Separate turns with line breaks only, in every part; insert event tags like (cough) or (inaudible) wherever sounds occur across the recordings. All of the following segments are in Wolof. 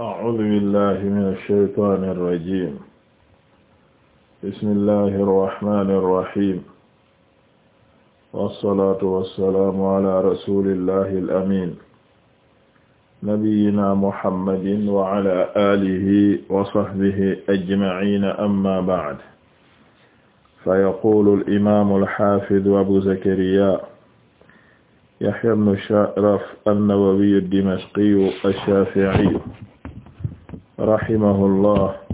أعوذ بالله من الشيطان الرجيم بسم الله الرحمن الرحيم والصلاة والسلام على رسول الله الأمين نبينا محمد وعلى آله وصحبه أجمعين أما بعد فيقول الإمام الحافظ أبو زكريا يحيى بن شرف النووي الدمشقي الشافعي rahimahullah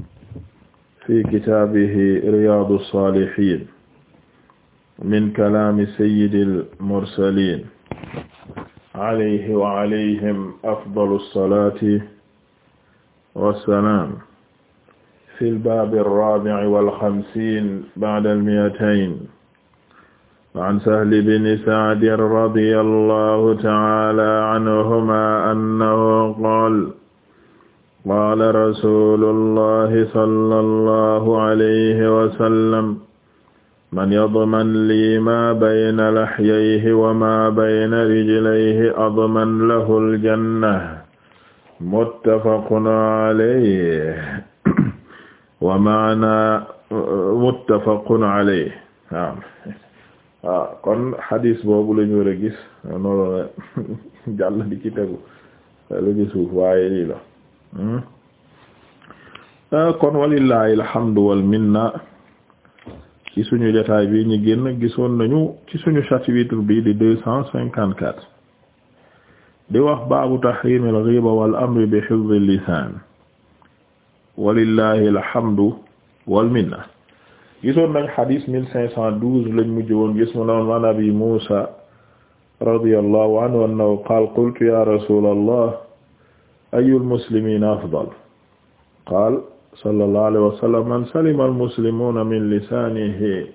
fi kitaabihi riyaadu saalihiin min kalaami sayyidil mursaliin alayhi wa alayhim afdalu salaati wa salaam fil baabi raabi'i wal xamsiin ba'dal mi'atayn an sahli bni sa'din radiyallaahu ta'aalaa anhumaa annahu qaala qaala rasuulullahi sallallahu alayhi wa sallam man yadman lii maa bayna lahyayhi wa maa bayna rijlayhi adman lahul janna muttafaqun alayhi wa maana muttafaqun alayhi waaw waaw kon xadiis boobu la ñu war a gis (laughs) noonu la (laughs) jàll di ci tegu lu ci suuf waaye lii la Hmm? Ah, kon walillahi alhamdu wal minna ci suñu jotaay bi ñu génn gisoon nañu ci suñu chapitre bi di deux cent cinquante quatre di wax baabu tahrim al ghiba wal bi hifz al lisan alhamdu wal minna gisoon nañ xadis mille cinq cent douze lañ mujj woon gis mu noon an abi Muusa radiyallahu anhu annahu qaala qultu ya rasulallah ayul muslimina afdal qaal sallallahu alayhi wa sallam man salima almuslimuna min lisanihi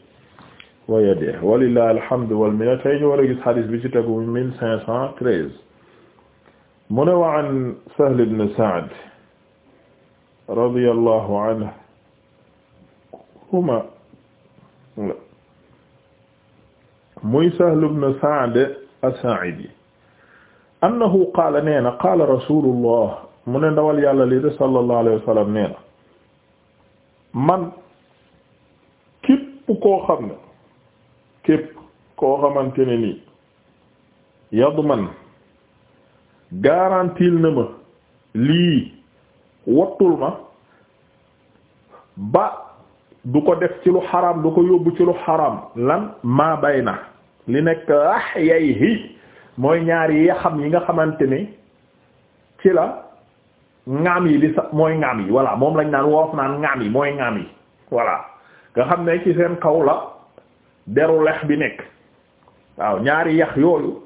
wa yadihi walillahi alhamdu wal minna tey ñu war a gis hadis bi ci tegu mille cinq cent treize mu ne wa an Sahl ibn Sa'd radiyallahu anhuma muy Sahl ibn Sa'd as-Sa'idi annahu qaala nee na qaala rasulullah mu ne ndawal yàlla lii de sallallahu alayhi wa sallam nee na man képp koo xam ne képp koo xamante ne nii yadman garantil na ma lii wattul ma ba du ko def ci lu xaraam du ko yóbbu ci lu xaraam lan maa bay na li nekk ah yay hi mooy ñaari yaxam yi nga xamante ni ci la ngaam yi di sa mooy ngaam yi voilà moom lañ naan wolof naan ngaam yi mooy ngaam yi voilà nga xam ne ci seen kaw la deru lex bi nekk waaw ñaari yax yooyu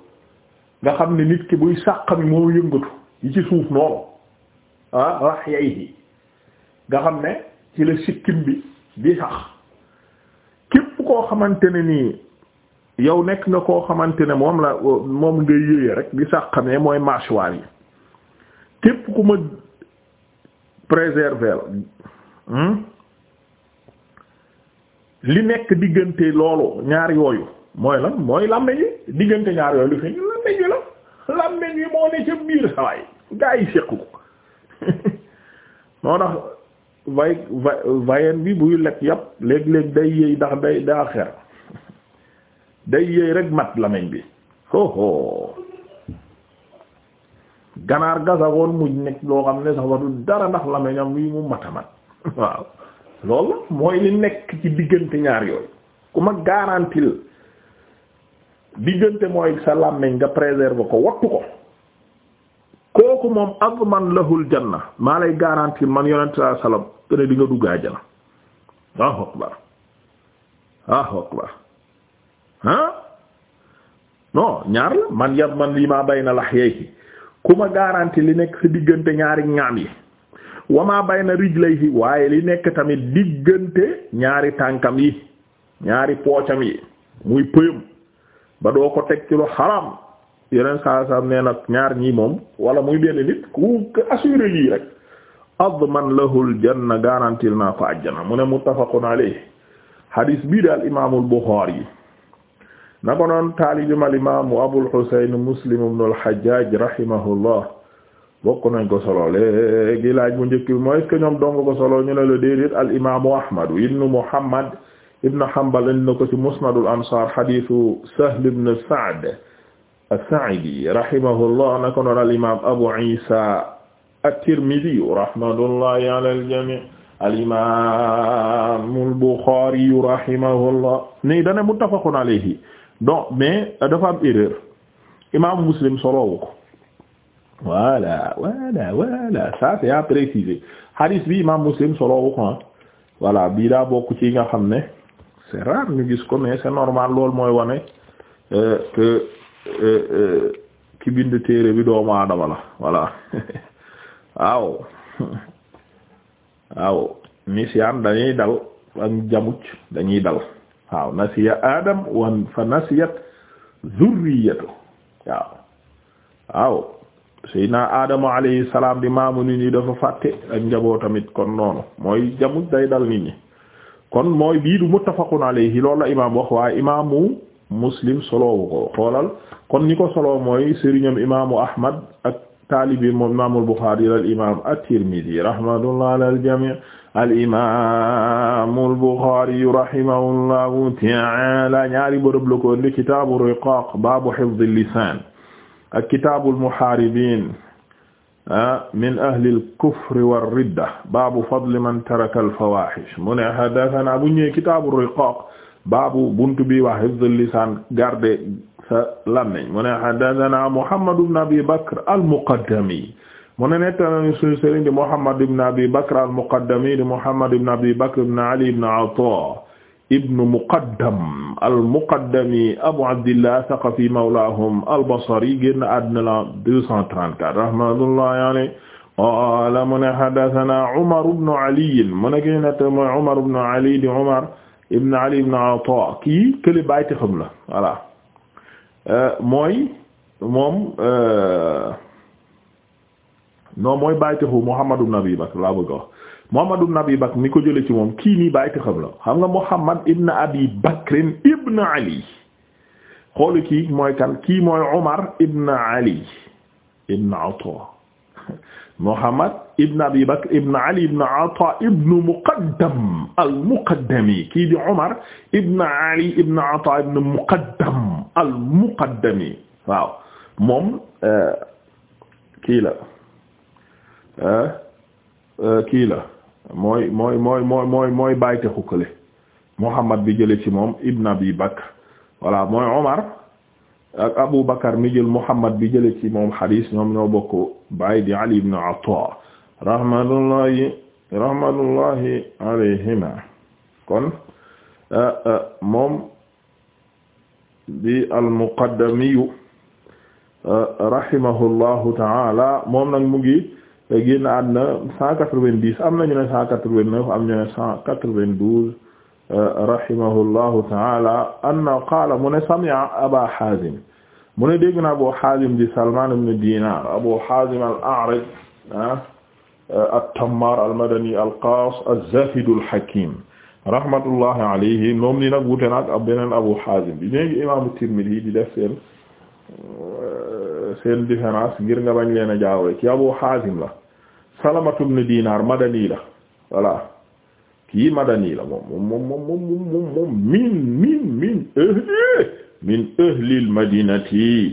nga xam ne nit ki buy sàq mi moo yëngatu yi ci suuf noonu ah rax yay yi nga xam ne ci la sikkim bi di sax képp koo xamante ne nii yow nekk nga koo xamante ne moom la moom ngay yëyee rek di sàqamee mooy mâchoire yi képp ku ma préserver hmm? li nekk diggante loolu ñaar yooyu mooy lan mooy làmmeñ yi diggante ñaar yooyu lu fi làmmeñ yi la làmmeñ yi moo ne ca biir sawaay gaa yi séq (laughs) moo tax vay va- vayen bi buy lekk yàpp léeg-léeg day yëy ndax day daa day yëy rek mat lamañ bi hoho ganaar gasawoon muj nekk loo xam ne sax wadu dara ndax lameñam wi mu mat mat (laughs) waaw loolu mooy li nekk ci diggante ñaar yooyu ku ma garantil diggante mooy sa làmmiñ nga préserver ko wattu ko kooku moom azman lahul janna maa lay garantir man yonent saa salam te ne di nga dugg àjjana waaw akbar waaw akbar ah non ñaar la man yat man lii ma bay na lax yeyki ku ma garanti li nekk sa diggante ñaari ñaam yi wamaa bay na rijlayhi waaye li nekk tamit diggante ñaari tànkam yi ñaari poocam yi muy pëyam ba doo ko teg ci lu xaram yeneen saa saa nee nag ñaar ñii moom wala muy benn nit ku assuré lii rek adman lahul janna garantil naa ko àjjana mu ne muttafaqun alayhi hadis bii daal imaamul Bukhari yi na ko noon taalibim al imaamu Abul Husayn Muslim ibn al-Hajjaj rahimahullah bokk nañ ko solo léegi laaj bu njëkk bi mooy est-ce que ko solo ñu ne la déedéet al imaamu Muhammad ibn Hanbal indi na ko Ansaar hadiisu Sahl ibn Sa'd as-Sa'idi rahimahullah na ko Abu Isa at-Tirmidhi rahmatullahi ala dana muttafaqun alayhi donc mais euh, dafa am erreur imaamu muslim soloowu ko voilà voilà voilà ça c'est à préciser hadis bi imam muslim soloowu ko ah voilà bii daa bokk ci nga xam ne c'est rare ñu gis ko mais c'est normal loolu mooy wane euh, que euh, ki bind téere bi doomu aadama la voilà (laughs) waaw (laughs) waaw mission dañuy dal ak jamuj dañuy dal waaw nasiya adam wa fa nasiyat zurriyatu waaw waaw saydna aadamu salaam di maamu nit ñi dafa fàtte ak njaboo tamit kon noonu mooy jamuj day dal nit kon mooy bii du muttafaqun alayhi loolu la imaam wax waaye imaamu muslim soloowu ko xoolal kon ni ko soloo mooy sëriñam imaamu ahmad ak taalibi moom imaamul buxaari al imaam at-tirmidhi rahmatullah ala al jami' al-imaamu al-Buxaari rahimahullahu ta'aala ñaari bërëb la ko indi kitaabu riqaaq baabu hifzi lisaan ak kitaabu al-muhaaribiin min ahli al-kufri war-ridda baabu fadli man taraka al-fawaahish mu ne haddasanaa bu ñëwee kitaabu riqaaq baabu buntu bi wa hifzi lisaan garde sa làmmiñ mu ne haddasanaa Muhammad ibn Abi Bakr al-Muqaddami mu ne nettali sunu sëriñ di Muhammad ibn Abi Bakr al-Muqaddami di Muhammad ibn Abi Bakr ibn Ali ibn Ata ibn Muqaddam al-Muqaddami Abu Abdillah Thaqafi mawlahum al-Basri génn àddina la 234 rahmatullahi alayhi qaala mu ne haddathana Umar ibn Ali mu ne kii nettali mooy Umar ibn Ali di Umar ibn Ali ibn Ata kii kële bayti xam la voilà euh, mooy moom. Euh, non mooy bàytaxu Muhammad ibn Abi Bakr laa bëgg a wax Muhammad ibn Abi Bakr mi ko jële ci moom kii nii bàytaxam la xam nga Muhammad ibn Abi Bakr ibn Ali xoolu kii mooy kan kii mooy Umar ibn Ali ibn Ata Muhammad ibn Abi Bakr ibn Ali ibn Ata ibn Muqaddam al-Muqaddami kii di Umar ibn Ali ibn Ata ibn Muqaddam al-Muqaddami waaw moom eh, kii la Euh, kii la mooy mooy mooy mooy mooy mooy bàyyte xukkale Muhammad bi jële ci moom Ibn Abi Bakr voilà mooy Omar ak Abu Bakar mi jël Muhammad bi jële ci moom xadiis ñoom ñoo bokk baay di Ali ibn Ataa rahmatullahi rahmatullahi alayhima kon euh, euh, moom di al-Muqaddamiyu rahimahullahu taala moom nag mu ngi génn àddina cent quatre-vingt-dix am nañu ne cent quatre-vingt-neuf am ñu ne cent quatre euh, mu ne sami'a aba hazim mu ne dégg na abu hazim di salman ibn dinar abu hazim al-a'raj ah, euh, at-tammar al-madani al-qaas az-zahid al-hakim rahmatullahi alayhi moom ni nag wute nag abu hazim bi léegi imam at-tirmidhi di def seen seen différence ngir nga bañ leen a jaawale ci Abu Hazim la Salamatu ibn Dinar madani la voilà kii madani la moom moom moom moom moom min min min ahli min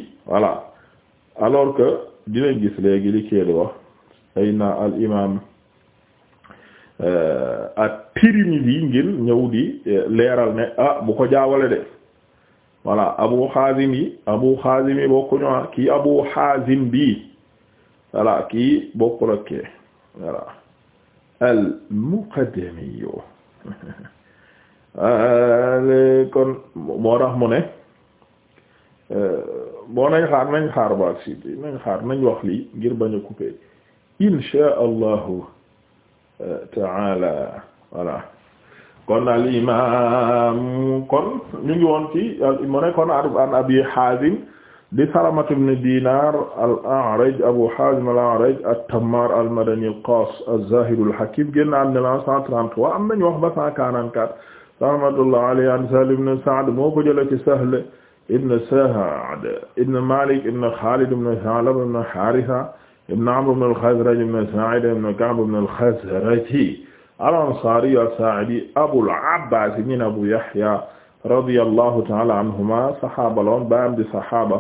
ahlil gis léegi li kee wax ay al imam euh, at-Tirmidhi ngir ñëw di euh, leeral ne ah bu ko jaawale de voilà Abu Xaazim yi Abu Xaazim yi bokkuñu ah kii Abu Xaazim bi voilà kii bokkul ak kii voilà al Muqaddami (laughs) kon moo tax ne euh, boo nañ xaar nañ xaar ba ak siit nañ xaar nañ wax lii ngir bañ a couper insha allahu euh, taala voilà kon al imam kon ñu ngi woon ci mu ne kon an abi hazim di salamat ibn dinar al a'raj abu hazim al a'raj at-tammar al madani al qas az-zahid al hakim génn am na la 133 am nañu wax ba 144 rahmatullah alayhi an sahl ibn sa'd moo ko jële ci sahl ibn sa'd ibn malik ibn khalid ibn sa'lab ibn haritha ibn amr ibn al-khazraj ibn sa'id ibn ka'b ibn al-khazraji al-Ansaari as-Saa'idi Abul Abbaas min Abu Yahya radiyallahu ta'ala anhuma saxaaba loon baam di saxaaba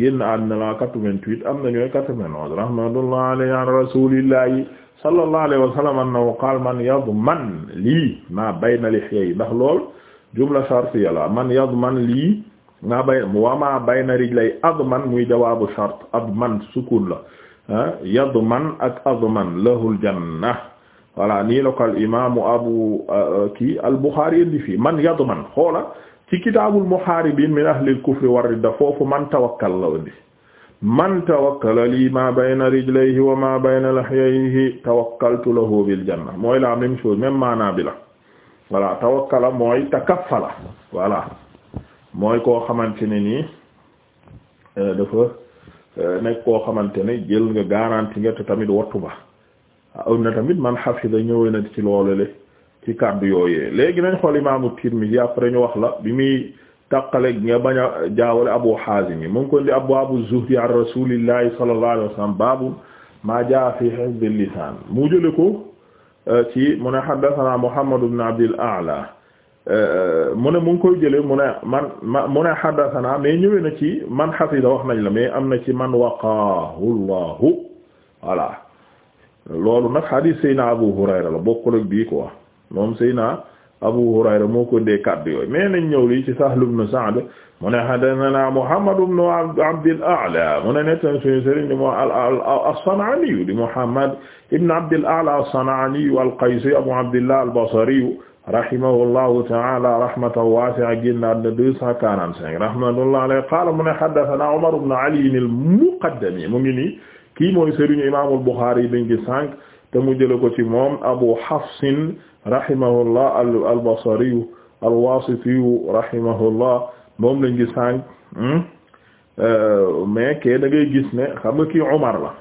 génn àddina la 88 am na ñooy 91 rahmatullahi alayhi an rasuulillahi sallallahu alayhi wa sallam annahu qaala man yadman lii maa bayna lihyayhi ndax lool jumla shartiyya la man yadman lii maa bay wa maa bayna rijlayhi adman muy jawaabu shart adman sukun la ah yadman ak adman lahul janna voilà nii la imaamu abu euh, euh, kii al fi indi fii man yadman xoola ci kitaabul min ahlil kufri war ridda foofu man tawakkal la indi man tawakkala lii ma bayna rijlayhi wa ma bayna lahyayhi tawakkaltu lahu bil janna mooy la même chose même maanaa bi la voilà tawakkala mooy takaffala voilà mooy koo xamante ne nii euh, dafa nekk koo xamante ne jël nga garanti nga te tamit wattu ba aw na tamit man xafida ñëwee na ci loolale ci kàddu yooye léegi nañ xool imaamu Tirmidhi après ñu wax la bi muy tàqale nga bañ a jaawale Abu Haazim yi mu ngi ko di abwaabu zuhdi an rasuulillahi sallallahu alayhi wa sallam baabu maa jaa fi hifdil lisaan mu jële ko euh, ci mu ne haddathana Muhammad ibn Abdil A'la euh, mu ne mu ngi koy jële mu ne man ma mu ne haddathana mais ñëwee na ci man xafida wax nañ la mais am na ci man waqaahu Allahu voilà loolu nag hadith Seyna Abu Hurayra la bokkul ak bii quoi moom Seyna Abu Hurayra moo ko ndee kaddu yooyu mais nañ ñëw lii ci Sahl ibn Sa'd mu ne haddathana Muhammad ibn Abd al-A'la mu ne nettan suñu sëriñ di moo as-San'ani di Muhammad ibn Abd al-A'la as-San'ani al-Qaysi Abu Abdillah al-Basri rahimahullahu ta'ala rahmatan wasi'a génnaat na 245 rahmatullahi alayhi qala mu ne haddathana Umar ibn Ali al-Muqaddami mu ngi nii kii mooy sëriñu imaamul Buxaari yi biñ gi sànq te mu jële ko ci moom Abu Hafsin rahimahullah al-Basriyu al-Wasitiyu rahimahullah moom lañ gi sànq hmm? euh, mais ke ngay gis ne xam nga kii Umar la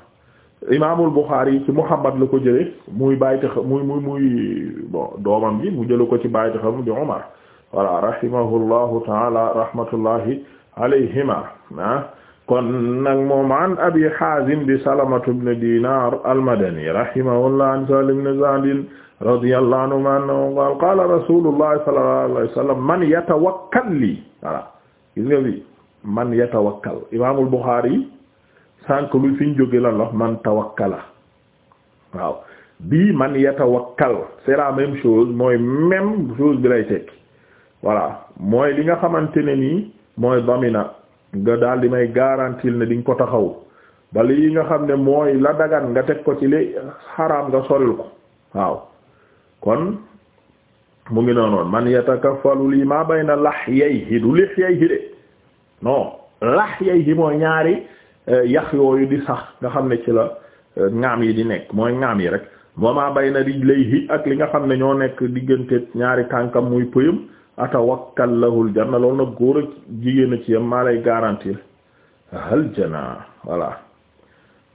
imaamul Buxaari ci Muhammad la ko jële muy bàyyita xam muy muy muy bon doomam ji mu jële ko ci bàyyita xam di Umar voilà rahimahullahu taala rahmatullahi alayhima ah. kon nag moom an abi hazim bi salamatu dinar almadani rahimahullah an sahl ibn zadin radiyallahu anhu annahu qala qala rasulullahi sallallahu alayhi wasallam man yatawakkal li voilà gis nga bi man yatawakkal imamul bukhari sànk lu fiñ jóge lan la man tawakkala waaw man yatawakkal c'est la même mooy même chose bi lay tekki mooy li nga xamante ne nii mooy damina nga daal di may garantil na di nga ko taxaw ba li nga xam ne mooy la dagan nga teg ko ci li xaraam nga soril ko waaw kon mu ngi noonoon man yatakaffalu lii maa bayna lahyayhi du lihyayhi de non lahyayhi mooy ñaari eh, yax yooyu di sax nga xam ne ci la eh, ŋaam yi di nekk mooy ŋaam yi rek moo maa bayna rijlayhi ak li nga xam ne ñoo nekk diggante ñaari tànkam muy pëyam atawakkal lahul janna loolu nag góor ak jigéen a ci yam maa lay garantir hal janna voilà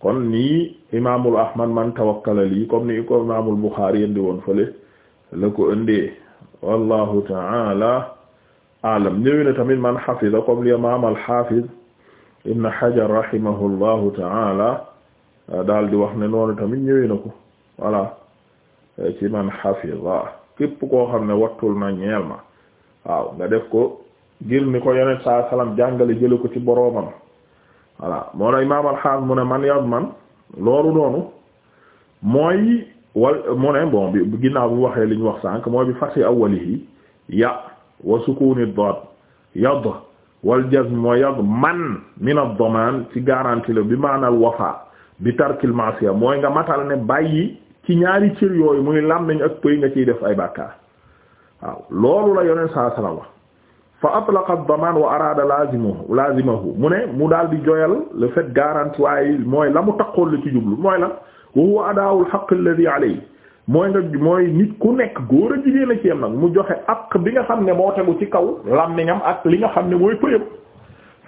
kon nii imaamul ahmad man tawakkala lii comme ni ko imaamul buxaari indi woon fële la ko indee wallahu taala alam ñëwi tamit man xafida comme li imaam al xaafid ibn hajar rahimahullahu taala ah, daal wax ne noonu tamit ñëwi na ko voilà eh, ci man xafida képp koo xam ne wattul na ñeel ma waaw nga def ko ngir ni ko yonent saa salaam jàngale jële ko ci boroomam voilà moo na imaam alxaam mu ne man yad man loolu noonu mooy wal mu ne bon bi ginnaaw bi waxee li ñu wax sànq mooy bi fati awwalihi ya wa sukuni dad yad wal jazm mooy yad man min ad-daman ci garantie la bi maanaal wafa bi tarkil ma'siya mooy nga matal ne bàyyi ci ñaari cër yooyu muy làmmiñ ak pëy nga ciy def ay bàkkaar waaw loolu la yoneen saa salaam wax fa atlaqa ad-daman wa araada lazimahu lazimahu mu ne mu daal di joyal le fait garanti waaye mooy la mu taqoon la ci jublu mooy la wa huwa adaa'ul haqq alladhi alayhi mooy nga mooy nit ku nekk góor a jigéen a ci yam nag mu joxe ak bi nga xam ne moo tegu ci kaw làmmiñam ak li nga xam ne mooy pëyam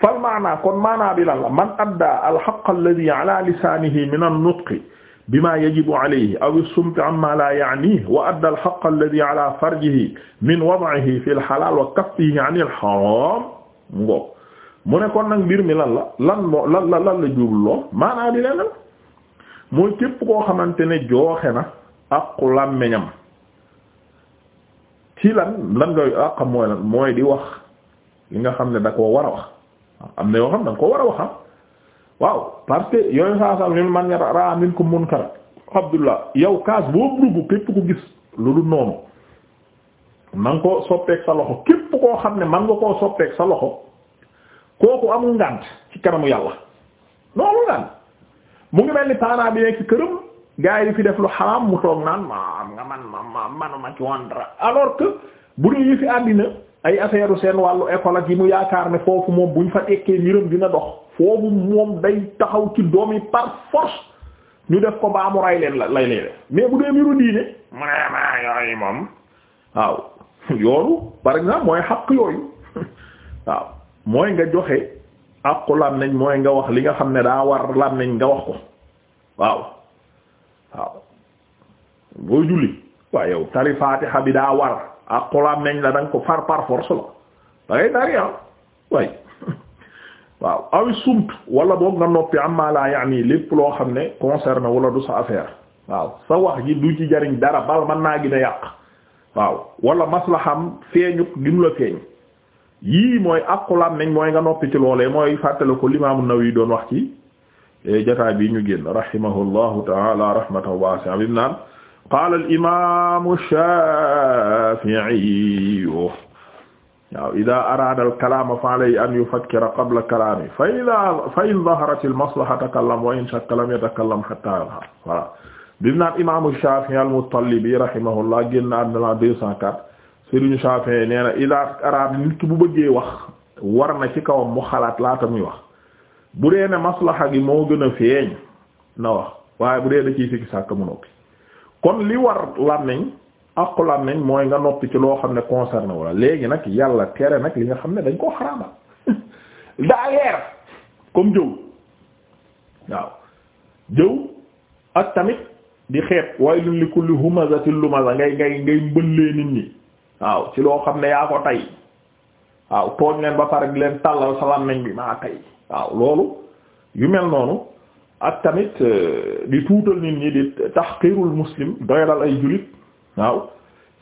fal maanaa kon maanaa bi la man adda al haqq alladhi ala min an-nutqi bima yajibu alayhi aw as-sumti amma la ya'nihi wa adda al-haqqa alladhi ala farjihi min wad'ihi fi al-halal wa kaffihi 'an al-haram ngoo mu ne kon nag mbir mi lan la lan moo lan la lan la jubloo maanaa di leneen mooy képp koo xamante ne jooxe na aqu làmmiñam ci lan lan ngay àqam mooy lan mooy di wax li nga xam ne da koo war a wax am na yoo xam ne da nga koo war a wax ah. waaw parce que yooyu saa saa ñun man raa minkum munkar abdullah yow kaas boo dugg képp ku gis lu dul noonu man koo soppeek sa loxo képp koo xam ne man nga koo soppeek sa loxo kooku amul ngànt ci kanamu yàlla noonu ngànt mu ngi mel ni parent bi nekk këram gars yi di fi def lu xaraam mu toog naan ma am nga man ma manuma ci woon dara alors que bu dee yi fi àddina ay affaire seen wàllu école ak yi mu yaakaar ne foofu moom buñ fa tekkee mbiram dina dox foofu moom day taxaw ci doom yi par ñu def ko ba mu ray leen la lay lay def mais bu dee mbiru diine mu ne maa yooyu moom waaw yoonu par exemple mooy xaq yooyu (laughs) waaw mooy nga joxe àqu làmmiñ mooy nga wax li nga xam ne daa war làmmiñ nga wax ko waaw waaw booy julli waaw yow tari faatiha daa war àqu làmmiñ la danga ko far par la dangay tari ah waaw aw sumt wala boog nga noppi amma la yaani lépp loo xam ne concerné wala du sa affaire waaw sa wax ji du jariñ dara bal mën naa gën a yàq waaw wala maslaham feeñu gim la feeñ yii mooy aqulam nañ mooy nga noppi ci loolee mooy fàttale ko l'imam An-Nawawi doon wax ci e, jataay bi ñu génn rahimahullahu ta'ala rahmatan wasi'a bi naan qala al-imam waaw ida arada al kalama fa alayhi an yufakkira qabla kalami fa ida fa in zaharat al maslaha takallam wa in shakka lam yatakallam hatta yadhhar voilà bim naan imamu génn na àddina la deux cent nee na ida arada nit ki bu bëggee wax war na ci kawam mu xalaat laata muy wax bu dee ne maslaha gi moo gën a feeñ na wax waaye bu dee da ciy fikki sàkk mu noppi kon li war làmmiñ aqulaan nañ mooy nga noppi ci loo xam ne concerné wala léegi nag yàlla tere nag li nga xam ne dañ koo xaraamal (laughs) daa leer comme jëw waaw jëw ak tamit di xeet waylun li kulli humazatin lumaza ngay ngay ngay mbëllee nit ñi waaw ci loo xam ne yaa ko tey waaw tooñ leen ba pare di leen tàllal salam nañ bi maa tey waaw loolu yu mel noonu ak tamit euh, di tuutal nit ñi di tahqirul muslim doyalal ay jullit waaw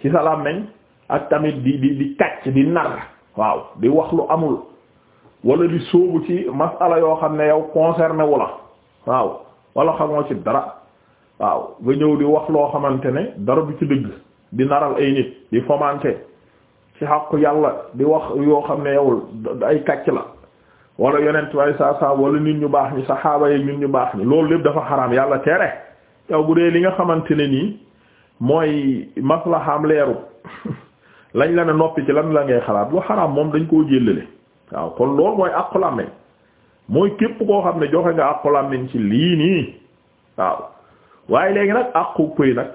ci sa làmmiñ ak tamit di di di kàcc di nar waaw di wax lu amul wala di sóobu ci masala yoo xam ne yow concerné wu la waaw wala xamoo ci dara waaw nga ñëw di wax loo xamante ne dara bu ci dëgg di naral ay nit di fomante ci xàqu yàlla di wax yoo xam ne yow ay kàcc la wala yonent way saa saa wala nit ñu baax ñi saxaaba yi nit ñu baax ni loolu lépp dafa xaram yàlla tere yow bu dee li nga xamante ne nii mooy maslahaam leeru (laughs) lañ la ne noppi ci lan la ngay xalaat lu xaraam moom dañ koo jëlale waaw kon loolu mooy àqu làmmiñ mooy képp koo xam ne joxe nga àqu làmmiñ ci lii nii waaw waaye léegi nag àqu pëy nag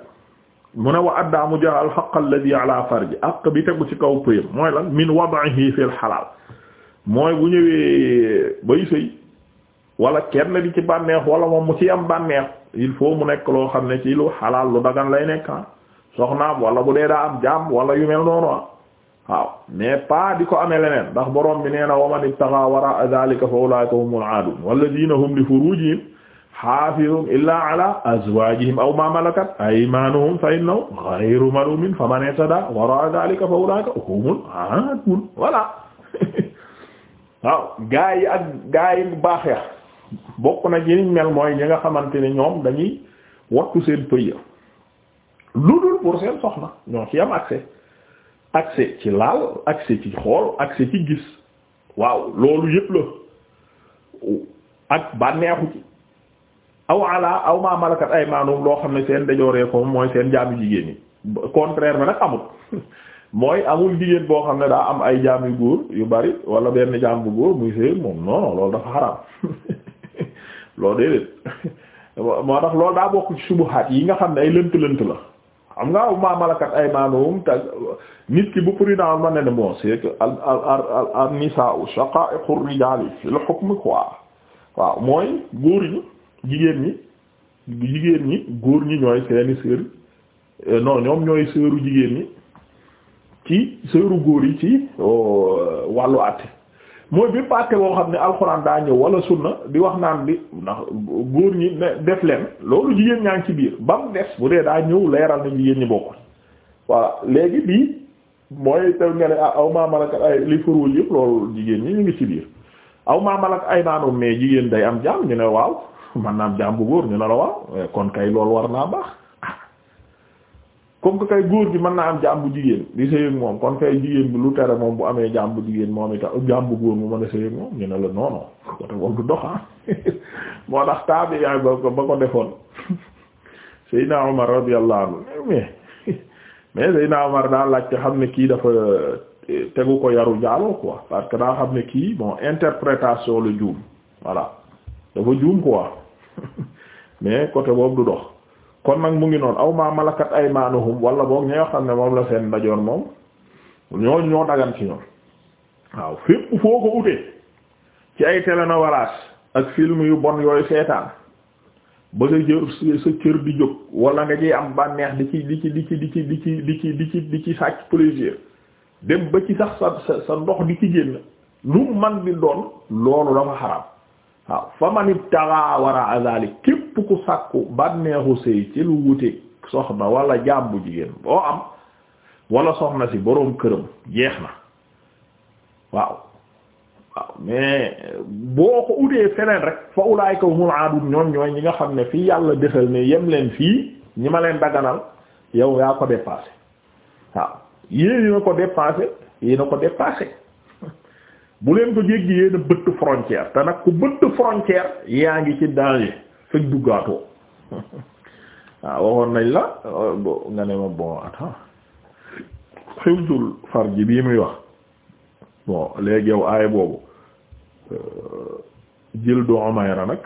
mu ne wa addaamu joxe alxaq alladi ala farji àq bi tegu ci kaw pëyam mooy lan min wad'ihi fil xalaal mooy bu ñëwee bay sëy wala kenn di ci bànneex wala moom mu ci am bànneex il faut mu nekk loo xam ne ci lu xalaal lu dagan lay nekk ah soxnaam wala bu dee daa am jaam wala yu mel noonu ah waaw mais pas di ko amee leneen ndax borom bi nee na waman ibtaga wara dhalika fa ulaika humul aadun walladina hum li furujihim xaafidun illa ala azwajihim aw ma malakat aymanuhum fa innahum ghayru malumin fa man itada wara dhalika fa ulaika humul aadun voilà (laughs) waaw gaa yi ak gaa yi baax ya bokk nag yeniñ mel mooy ñi nga xamante ne ñoom dañuy wattu seen pëya lu dul pour seen soxna ñoo ci am accès accès ci laal accès ci xool accès ci gis waaw loolu yépp la ak bànneexu ci aw ala aw ma malakat ay maanum loo xam ne seen dajooree ko mooy seen jaamu jigéen yi contraire bi nag (laughs) mooy amul jigéen boo xam ne daa am ay jaami góor yu bari wala benn jaam bu góor muy seen moom non loolu dafa xaraam (laughs) loolu déedéet (laughs) moo tax loolu daa bokk ci subuhaat yi nga xam ne ay lënt-lënt la am nga ma malakat ay maanowum te nit ki bu prudent ma ne ne bon c'est que al al al al nisaa'u shaqaa'iqur rijaali fil hukm quoi waaw mooy góor ñi jigéen ñi jigéen ñi góor ñi ñooy seeni sœur euh, non ñoom ñooy sœuru jigéen ñi ci sœuru góor yi ci oh, wàllu àtte mooy bi pàtte boo xam ne alxuraan daa ñëw wala sunna di wax naan bi ndax góor ñi ne def leen loolu jigéen ñaa ngi ci biir ba mu des bu dee daa ñëw leeral na jigéen ñi bokkul waa léegi bii mooy te nga ne ah aw maa malakat ay li furuul yëpp loolu jigéen ñi ñu ngi ci biir aw maa malak ay naanum mais jigéen day am jaam ñu ne waaw (laughs) man naa am jaam bu góor ñu ne la waaw kon kay loolu war naa baax comme que kay góor gi man naa am jaam bu jigéen di sëy moom kon kay jigéen bi lu tere moom bu amee jàmb bu jigéen moom itam jaam góor mu mën a sëy ak moom ñu ne la non non côté boobu du dox ah (laughs) moo tax taa yaay ba ko ba ko defoon (laughs) Seydina Omar radiyallahu anhu mais (laughs) mais Seydina daa laaj te xam ne kii dafa eh, tegu ko yaru jaaloo quoi parce que daa xam ne kii bon interprétation la juum voilà dafa juum quoi mais côté boobu du dox. kon nag mu ngi noonu aw ma malakat aymanuhum wala boog ñi nga xam ne moom la seen ndajoor moom ñoo ñoo dagan ci ñoom waaw fépp foo ko utee ci ay telenovelas ak film yu bon yooyu seetaan ba nga jël sa cër di jóg wala nga ciy am bànneex di ci di ci di ci di ci di ci di ci di sàcc plaisir dem ba ci sax sa sa ndox di ci génn lu man di doon loolu dafa xaram waaw fa man ibtaraa wara zalik képp ku sàkku bànneexu sëy ci lu wute soxna walla jaam jigéen boo am wala soxna si boroom këram jeex na waaw waaw mais boo ko utee feneen rek fa ulaayka humul aadun ñoom ñooy ñi nga xam ne fii yàlla defal ne yem leen fii ñi ma leen daganal yow yaa ko dépassé waaw yéen yi na ko dépassé yéen na ko dépassé bu leen ko jéggi yéen a bëtt frontière te nag ku bëtt frontière yaa ngi ci danger fekk duggaatoo (laughs) ah, waaw waxoon nañ la euh, nga ne ma bon attends xewtul farji bii muy wax bon léegi yow aay boobu euh, jël du umayra nag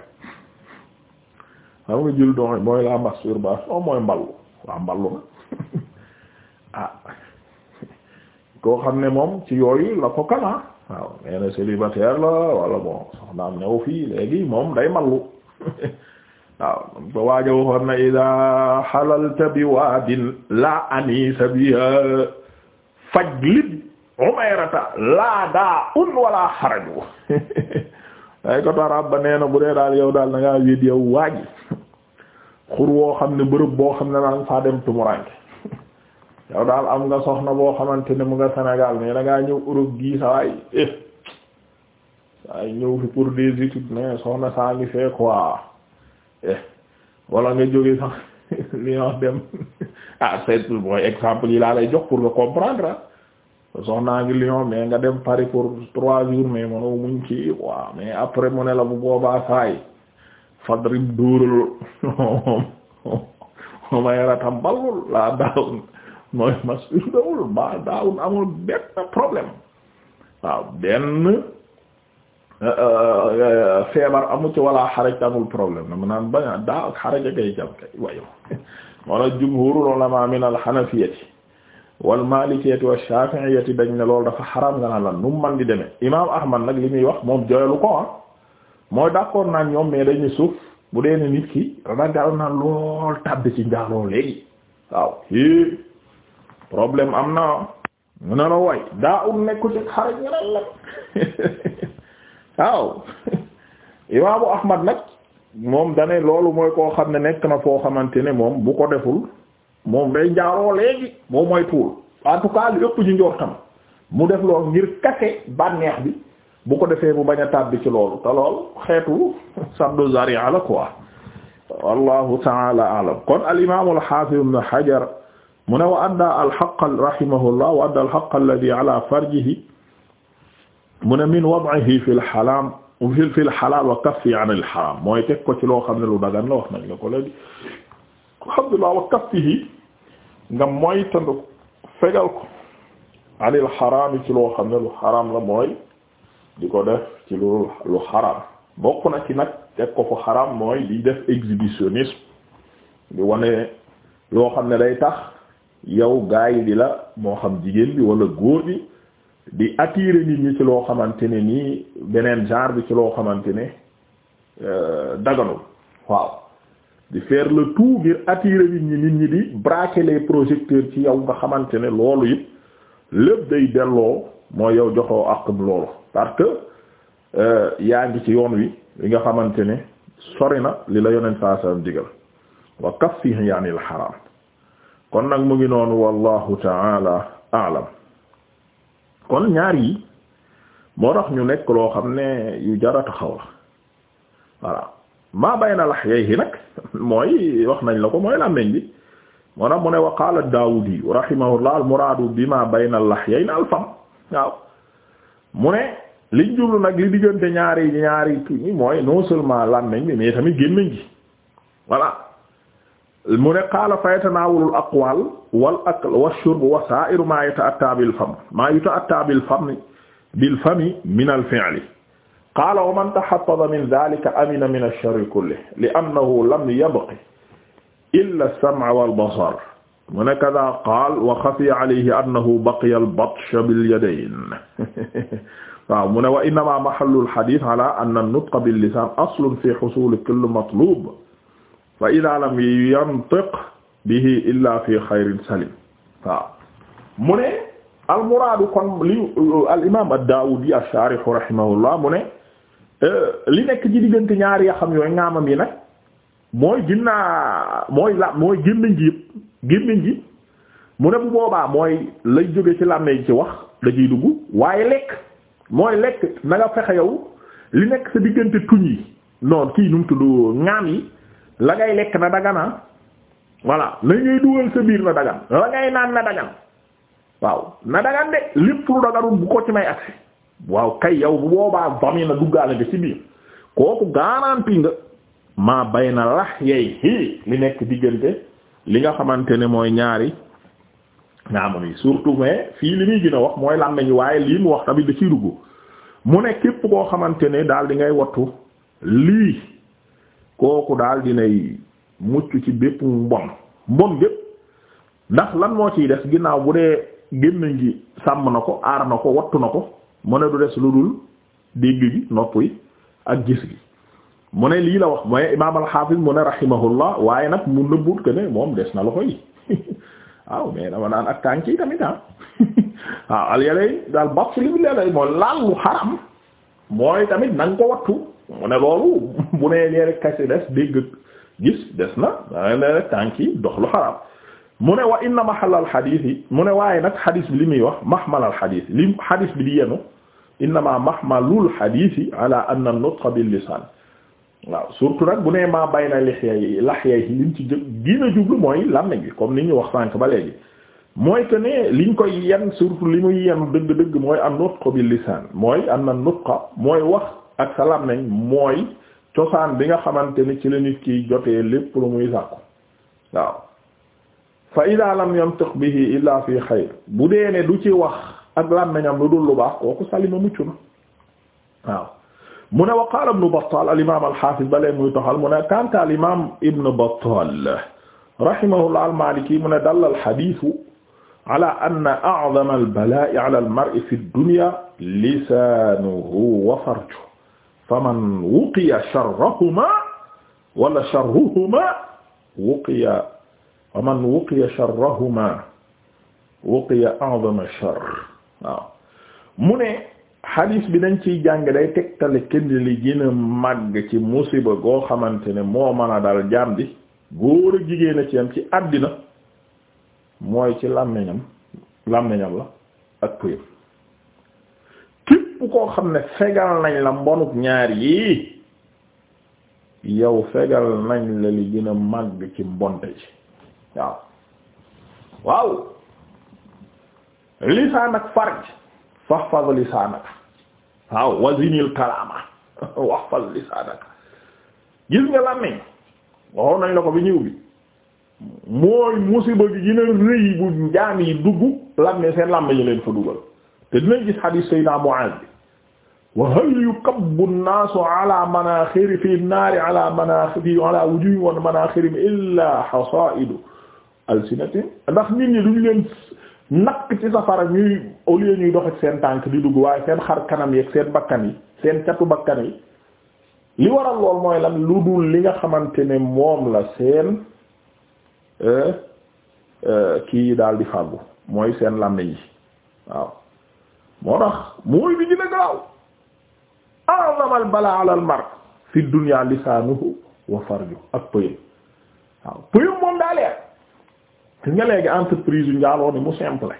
xam nga jël du mooy la masturbation mooy mballu waa mballu na (laughs) ah koo xam ne moom ci yooyu la ko kanaa waaw nee na la wala bon soxnaam new fii léegi moom day mallu (laughs) waaw ba waaja waxoon na ida xalalta bi waadin la anisa biha fajlid umayrata laa daa un wala xaraju (laughs) day ko tarab ba nee bu dee daal yow daal da wéet yow waaji xur woo xam ne bërëb boo xam ne naa nga faa dem tumuranke yow daal am nga soxna boo xamante ne mu nga Sénégal mais da ngaa ñëw Europe gii sawaay eh sawaay fi pour des études mais soxna saa fee quoi eh. wala nga jóge sax li (laughs) dem (laughs) ah, exemple yi laa lay jox pour nga comprendre ah ngi Lyon mais nga dem Paris pour trois jours mais mënoo muñ ci waaw mais après mu ne la bu boobaa saay fadrib dóoral (laughs) moom moom ay laa daaw mooy masur dawul ba daawul amul benn problème waaw benn euh, euh, euh, feebar amu ci wala xaraj amul problème na mu naan ba daa ak xaraja jam kay wayo wala (laughs) jumhurul ulama min al hanafiyati wal malikiyati wa shafi'iyati dañ ne loolu dafa xaram nga naan lan nu mu man di demee imam ahmad nag li muy wax moom joyalu ko ah mooy d'accord naan ñoom mais dañu suuf bu dee ne nit ki ragal na lool tàbbi ci njaaloo léegi waaw problème am na mu ne la way daa ut nekku ci xare ñu ne la waaw imaamu ahmad nag moom dane loolu mooy koo xam ne nekk na foo xamante ne moom bu ko deful moom day njaaroo léegi moom mooy tuul en tout cas ci njortam mu def loolu ngir kase bànneex bi bu ko defee bu bañ a tàbbi ci loolu te loolu xeetu saddu zari'a la quoi wallahu ta'ala a'lam kon al imaam al hafiz ibn mu ne wa adda alxaq rahimahullah wa adda alxaq alladi ala farjihi mu ne min wad'ihi fi lxalaam fi fi lxalaal wa kaffi an alxaraam mooy teg ko ci loo xam ne lu dagan la wax nañ la ko léegi alhamdulillah wa kaffihi nga mooy tandu fegal ko an alxaraam ci loo xam ne lu xaraam la mooy di ko def ci lu lu xaraam bokk na ci nag teg ko fu xaraam mooy di def exhibitionnisme di wane loo xam ne day tax yow gaa yi di la moo xam jigéen bi wala góor bi di attirer nit ñi ci loo xamante ne nii beneen genre bi ci loo xamante ne euh, daganul waaw di faire le tout ngir attirer nit ñi nit ñi di braquer les ci yow nga xamante ne loolu it lépp day delloo mooy yow joxoo àqum loolu parce que euh, yaa ngi ci yoon wi li nga xamante ne sori na li la yonent saa saa digal wa kaffihi yaani al haram kon nag mu ngi noonu wallahu taala aalam kon ñaar yi moo tax ñu nekk loo xam ne yu jara taxaw la voilà maa bayna lahyayhi nag mooy wax nañ la ko mooy làmmeñ bi moo tax mu ne wa qaala Daawudi rahimahullah al muraadu bi maa bayna lahyayni al fam waaw mu ne liñ jublu nag li diggante ñaari ñaari kii mooy non seulement làmmeñ bi mais tamit gémmiñ gi voilà mu ne qaala fa yatanaawalul aqwaal wal akl wa shurb wa saa'iru maa yata'attaa bil fam maa yata'attaa bil fam bil fami min al fi'li qaala wa man tahaffadha min dhaalika amina min ash-sharri kullihi li-annahu lam yabqi illa as-sam'a wal basar mu ne kadhaa qaala wa khafiya 'alayhi annahu baqiya al-batsh bil yadayn (laughs) waaw mu ne wa innamaa mahallu al-hadiith 'alaa anna an-nutqa bil lisaan aslun fii husuuli kulli matluub waa idha lam yantiq bihi illa fi xayrin salim waaw mu ne al muraadu kon li al imaam ad-Daawudi ash-Shaarih rahimahullah mu ne eh, li nekk ci diggante ñaari yaxam yooyu ngaamam yi nag mooy ginnaa mooy la mooy gémmiñ gi yëpp gémmiñ gi mu ne bu boobaa mooy lay jóge ci làmmeñ ci wax da ciy dugg waaye lekk mooy lekk na fexe yow li nekk sa diggante tuñ yi noonu kii nu mu tudd ngaam yi la lekk na dagana ah. voilà la ngay dugal sa biir na dagan la ngay naan na dagan waaw na dagan de lépp lu daganul bu ko ci may accès waaw kay yow bu boobaa vami na duggaale nga ci biir kooku garanti nga ma bay na lax yey li nekk diggante li nga xamante ne mooy ñaari ñaamam yi surtout mais fii li muy gën a wax mooy lan nañu waaye lii mu wax tamit da ciy dugg mu nekk képp koo xamante ne daal di ngay wattu lii kooku daal dinay mucc ci bépp mbon mbon gépp ndax lan moo ciy des ginnaaw bu dee gémmiñ gi sàmm na ko aar na ko wattu na ko mu ne du des lu dul dégg gi nopp yi ak gis gi mu ne lii la wax mooy imaam al mu ne rahimahullah waaye nag mu nëbbut que ne moom des na loxo yi (laughs) waaw mais dama naan ak tànk yi tamit ah (laughs) waaw al daal bap li bi leelay mooy laal lu xaram mooy tamit na ko wattu mu ne loolu bu nee lee rek kasi des dégg gis des na danga ne rek tànk yi dox lu xaraam mu ne wa inna mahalal yi mu ne waaye nag xadiis bi li muy wax mahmalal xadiis li xadiis bi di yenu innama mahmalul xadiis yi ala anna nutqa bil lisaan waaw surtout nag bu nee ma bay na lixya yi laxya yi ci jëg gën a jublu mooy làmmiñ bi comme ni ñu wax sànk ba léegi mooy que ne liñ koy yen surtout li muy yenu dëgg-dëgg mooy an nutqa bil lisaan mooy anna nutqa mooy wax ak sa mooy cosaan bi nga xamante ni ci la nit ki jotee lépp lu muy sàkku waaw lam yantiq bihi illa fi xayr bu dee ne du ci wax ak làmmiñam lu dul lu baax kooku salima mucc na waaw mu ne wa qaala ibnu Battaal al imaam al xaafis ba leen muy toxal mu ne kaanta al imaam ibnu Battaal rahimahullah al maaliki mu ne dalla al xadiisu ala anna a'zama al balaa'i ala al mar'i fi faman wuqiya sharrahuma wala sharruhuma wuqiya faman wuqiya sharrahuma wuqiya a'zama sharr waaw mu ne hadis bi dañ ciy jàng day tegtale kenn li gën a màgg ci musiba goo xamante ne moo mën a dal jaam bi góor ak jigéen a ci yam ci àddina mooy ci làmmiñam làmmiñam la ak pëyam képp koo xam ne fegal nañ la mbonuk ñaar yii yow fegal nañ la li gën a màgg ci mbonte ci waaw waaw lisaan ak farj fahfaz lisaanak waaw wazinil kalaama (laughs) wahfaz lisaanak gis nga làmmiñ waxoon nañ la ko bi ñëw bi mooy musiba gi gën a rëy bu njaam yi dugg làmmiñ seen làmmiñ leen fa dugal te dinañ gis hadith Seydina Mu'adh wa hal yukabbu naari ala manaakhiri ala wujuhi wa manaakhirihim illa hasaa'idu ndax nit ñi duñ leen nakk ñuy dox ak seen tànk di dugg waaye seen xar kanam yi ak seen bakkan yi seen catu bakkan yi li waral lool mooy lan lu dul li nga xamante ne moom la seen euh, euh, kii yi daal di fàggu mooy seen làmme yi waaw moo tax mooy bi gën a gaaw a'zamal balaa ala al mar fi dunya lisaanuhu wa farju ak pëyam waaw pëyam moom daa leer nga léegi entreprise yu njaaloo ni mu simple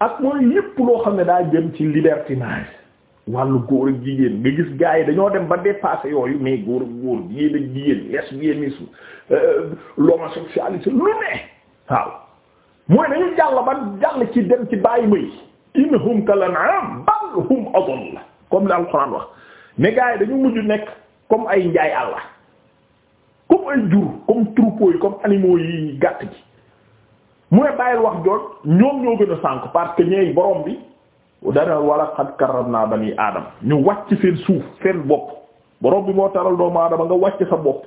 ak mooy lépp loo xam ne daa jëm ci libertinage wàllu góor ak jigéen nga gis gars yi dañoo dem ba dépassé yooyu mais góor ak góor jigéen ak jigéen lesbianisme euh, l'homosexualité lu ne waaw mooy dañu jàll ba jàll ci dem ci bàyyi may innahum kal an'am bal hum adall comme li alxuraan wax mais gars yi dañu mujj nekk comme ay njaay àlla comme ay jur comme troupeau yi comme animaux yi gàtt ji mu ne bàyyil wax joon ñoom ñoo gën a sànk parce que ñeey borom bi dana wala xat karam naa bani aadam ñu wàcc seen suuf seen bopp borom bi moo taral doomu aadama nga wàcc sa bopp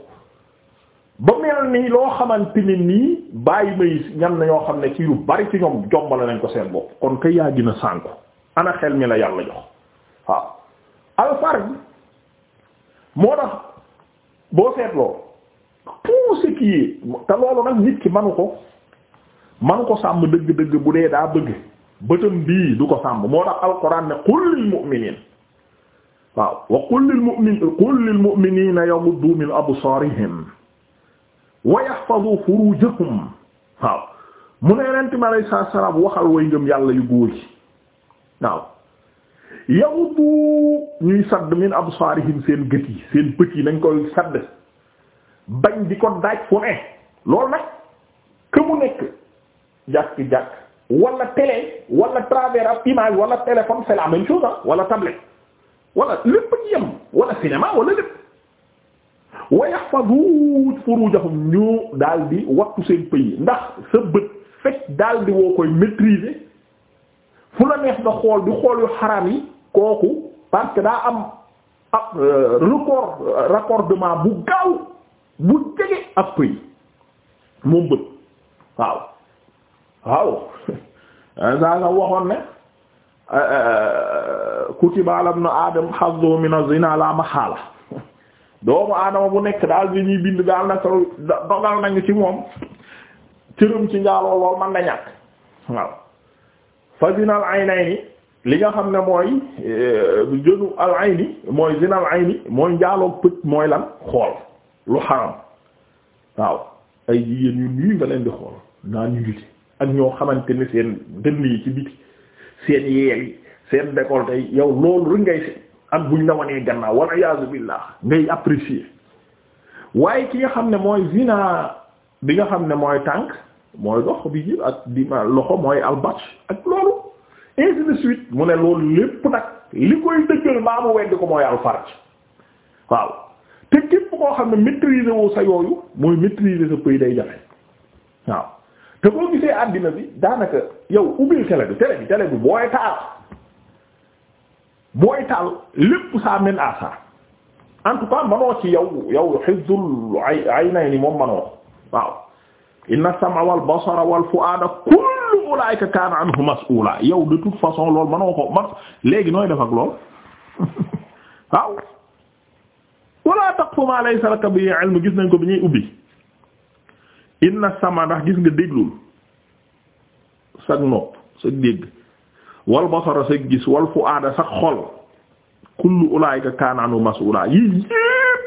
ba mel ni loo xamante ne nii bàyyi may ñan na ñoo xam ne ci lu bari ci ñoom jombale nañ ko seen bopp kon kay yaa gën a sànku ana xel mi la yàlla jox waaw alfarj moo tax boo seetloo tout ce qui te loolu nag nit ki manu ko manu ko sàmm dëgg-dëgg bu dee daa bëgg bëtam bii du ko sàmm moo tax alquran ne qul lil mu'minin waaw wa qul lil mu'min qul lil mu'minina yaghuddu min wa yahfazu furujahum waaw mu ne yonent bi alayhi salaam waxal way ngëm yàlla yu góor yi waaw yawdu ñuy sadd min absaarihim seen gët yi seen bët yi nañ koy sadd bañ di ko daaj fu ne loolu nag que mu nekk jàkk-jàkk wala télé wala travers ab image wala téléphone c'est la même chose ah wala tablette wala lépp ci yem wala cinéma wala lépp wa yahfazu furujahum ñu daal di wattu seen pëy ndax sa bët fekk daal woo koy maîtriser fu la neex nga xool di xool yu xaraam yi kooku parce que daa am ab euh, record euh, raccordement bu gaaw bu jege ab pëy moom bët waaw waaw (laughs) saa nga waxoon ne euh, kutiba ala ibn adam hazzu min az-zina la mahala (laughs) doomu aadama bu nekk daal bi ñuy bind daal na solo dogal nañu ci moom cëram ci njaaloo lool man na ñàkk waaw fa zina al-aynayni li nga xam ne mooy euh, jënu al ayni mooy zina al mooy njaaloo pët mooy lan xool lu xaram waaw ay jigéen yu nuyu nga leen di xool naa nudité ak ñoo xamante ni seen dënn yi ci biti seen yeel yi seen décolleté yi yow loolu rek ngay seen ak buñ la wanee gannaaw wala yaazu billah ngay apprécier waaye ki nga xam ne mooy zina bi nga xam ne mooy tànk mooy dox bi jib ak di loxo mooy albatch ak loolu ainsi de suite mu ne loolu lépp nag li koy dëggal maa mooy alfarj waaw te képp koo xam ne maîtriser woo sa yooyu mooy maîtriser sa pëy day jafe waaw te boo àddina bi daanaka yow ubbil télé bi télé bi télé taal booy taal lépp ça mène à ça en tout cas manoo ci yow yow aynayni moom manoo waaw inna sam'a wal basara wal fu'ada kullu ulaa'ika kaana anhu mas'uula yow de toute façon loolu manoo ko man léegi nooy def ak lool (laughs) waaw wala taqfu ma laysa laka bihi ilm gis nañ ko bi ñuy ubbi inna sama ndax gis nga déglul sag nopp sag dégg wal basara sag gis wal fuaada sag xol kullu ulaa'ika kaana anhu mas'uula yii yépp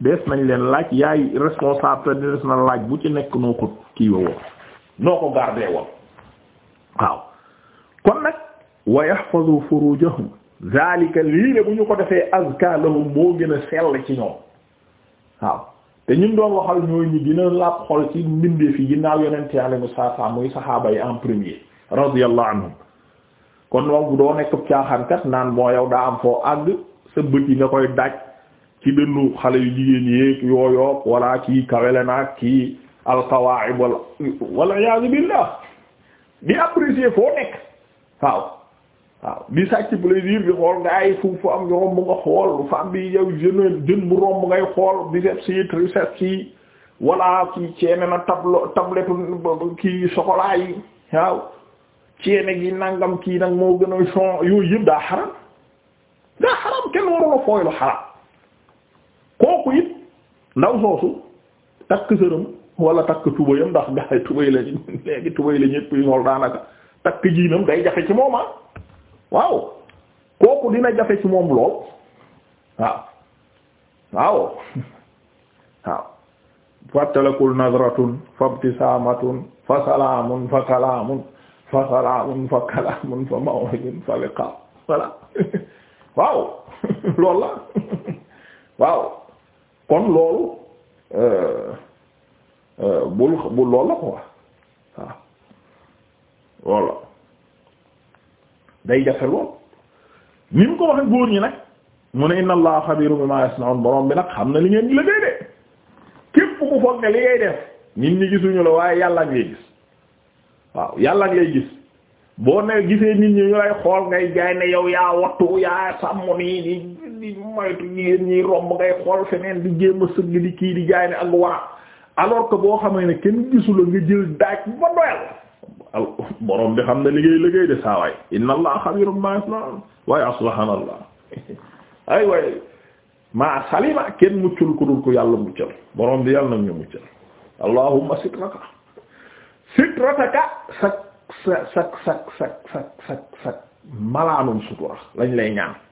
dees nañ leen laaj yaay responsable te dees na laaj bu ci nekk noo ko kii woo noo ko gardé woon waaw kon nag wa yahfazu furujahum zalika lii de bu ñu ko defee azka lahum moo gën a sell ci ñoom waaw te ñun doon waxal ñooy ñi gën a laab xol ci mbindee fi ginnaaw yonent yàlla mu muy saxaaba yi en premier radiyallahu anhum kon moom doo nekk caaxaankat naan moo yow daa am foo àgg sa bët yi nga koy daaj ci dënnu xale yu jigéen yéeg yooyoog wala kii kawele naag kii alkawaib wala waliyasu billah di apprécier foo nekk waaw waaw di sàcc plaisir di xool nga ay fu fu am romb nga xool fa am bi yow jeune jeune bu romb ngay xool biceps yi triceps walla ci ceene na tablo tablette kii chocolat waaw ceene gi nangam kii nag moo gën a son yooyu yëpp daa xaram daa xaram kenn warula fooy lu xaram kooku it ndaw soosu takk sërëm wala takk tubayam ndax gaay tubay la (laughs) léegi tubay la ñëpp yi daanaka takk jiinam day jafe ci moom ah waaw kooku dina jafe ci moom lool waaw waaw (laughs) waaw fattalakul nazratun fa ibtisamatun (laughs) waaw loolu la waaw kon loolu euh, bul bul lool la quoi waaw loolu day jafe lool ni ko waxee góor ñi nag mun ne inna allah xabiru bi ma yasnaun borom bi nag xam na li ngeen di de képp ku foog ne li ngay def nit ñi gisuñu la waaye yàlla ngay gis waaw yàlla ngay gis boo ne gisee nit ñi ñu lay xool ngay jaay ne yow yaa wattu yaa sàmm nii di moytu jigéen romb ngay xool feneen di jéem a sëgg di kii di jaay ne ak wara alors que boo xamee ne kenn gisula nga jël daaj ba doyal borom bi xam ne liggéey liggéey de saa waay inna allah xabirun ma yasna'un maa salima kenn muccul ku dul ko yàlla muccal borom bi yàlla nag ñu muccal allahumma sitraka sitrataka sak sa sak sak sak sak sak sak malaanum sutura lañ lay ñaan